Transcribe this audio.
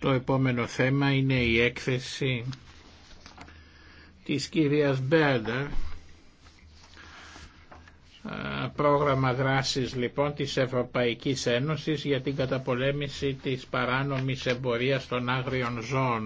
Το επόμενο θέμα είναι η έκθεση της κυρίας Μπέρντερ πρόγραμμα δράσης λοιπόν της Ευρωπαϊκής Ένωσης για την καταπολέμηση της παράνομης εμπορίας των άγριων ζώων.